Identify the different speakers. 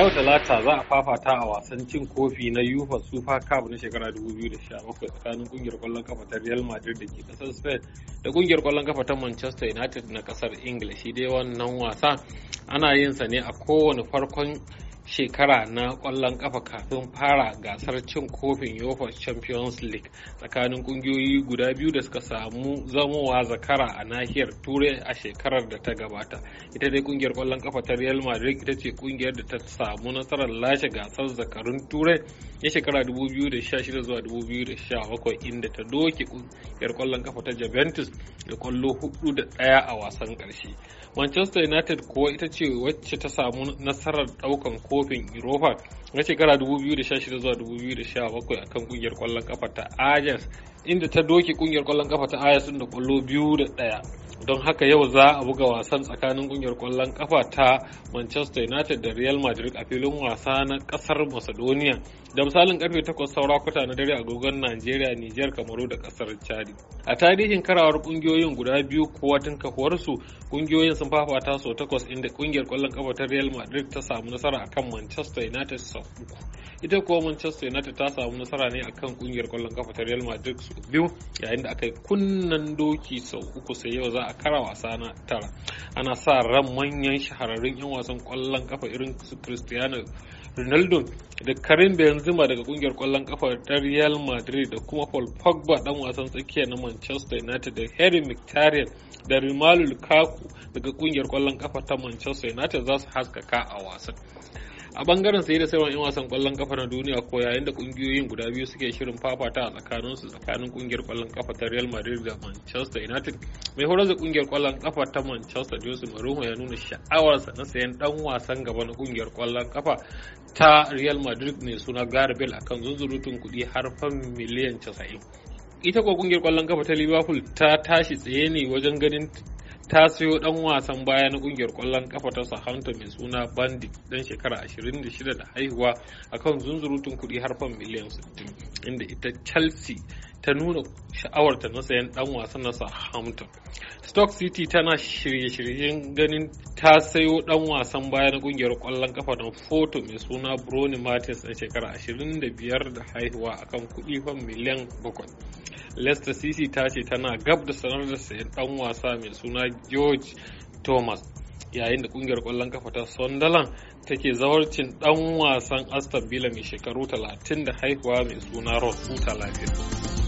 Speaker 1: yau talata za a fafata a wasan cin kofi na yufa super cup na shekara 2017 tsakanin kungiyar kwallon kafa ta real madrid da ke kasar spain da kungiyar kwallon kafa ta manchester united na kasar ingila shi dai wannan wasa ana yin sa ne a kowane farkon shekara na kwallon kafa kafin fara gasar cin kofin yofa champions league tsakanin kungiyoyi guda biyu da suka samu zamowa zakara a nahiyar turai a shekarar da ta gabata ita dai kungiyar kwallon kafa ta real madrid ita ce kungiyar da ta samu nasarar lashe gasar zakarun turai ya shekara 2016 zuwa 2017 inda ta doke kungiyar kwallon kafa ta juventus da kwallo hudu da daya a wasan karshe manchester united kuwa ita ce wacce ta samu nasarar daukan ko kofin Europa na shekara 2016 zuwa 2017 akan kungiyar kwallon kafa ta Ajax inda ta doke kungiyar kwallon kafa ta Ajax da kwallo biyu da daya Don haka yau za a buga wasan tsakanin kungiyar kwallon kafa ta Manchester United da Real Madrid a filin wasa na kasar Macedonia da misalin karfe 8 saura kwata na dare agogon Najeriya, Nijar, Kamaru da kasar Chadi. A tarihin karawar kungiyoyin guda biyu kowa tun su kungiyoyin sun fafata sau takwas inda kungiyar kwallon kafa ta Real Madrid ta samu nasara akan Manchester United sau uku. Ita kuwa Manchester United ta samu nasara ne akan kungiyar kwallon kafa ta Real Madrid sau biyu yayin da aka yi kunnan doki sau uku sai yau za a kara wasa na tara. Ana sa ran manyan shahararrun 'yan wasan kwallon kafa irin su Cristiano Ronaldo da Karim Benzema daga kungiyar kwallon kafa ta Real Madrid da kuma Paul Pogba dan wasan tsakiya na Manchester United da Harry Mkhitaryan da Romelu Lukaku daga kungiyar kwallon kafa ta Manchester United za su haskaka a wasan. a bangaren sai da sauran 'yan wasan kwallon kafa na duniya ko yayin da kungiyoyin guda biyu suke shirin fafata a tsakanin su tsakanin kungiyar kwallon kafa ta Real Madrid da Manchester United mai horar da kungiyar kwallon kafa ta Manchester Jose Mourinho ya nuna sha'awarsa na sayan dan wasan gaba na kungiyar kwallon kafa ta Real Madrid mai suna Gareth Bale akan zunzurutun kuɗi har fan miliyan 90 ita ko kungiyar kwallon kafa ta liverpool ta tashi tsaye ne wajen ganin ta sayo dan wasan baya na kungiyar kwallon kafa ta Southampton mai suna bandi dan shekara 26 da haihuwa akan zunzurutun kudi har fam miliyan 60 inda ita Chelsea ta nuna sha'awarta na sayan dan wasan na Southampton. Stock City tana shirye-shiryen ganin ta sayo dan wasan baya na kungiyar kwallon kafa na foto mai suna Bruno Martins dan shekara 25 da haihuwa akan kudi fam miliyan 7. Leicester City ta ce tana gab da sanar da sayan dan wasa mai suna George Thomas yayin da kungiyar kwallon kafa ta Sunderland take zawarcin dan wasan Aston Villa mai shekaru 30 da haihuwa mai suna Ross Huta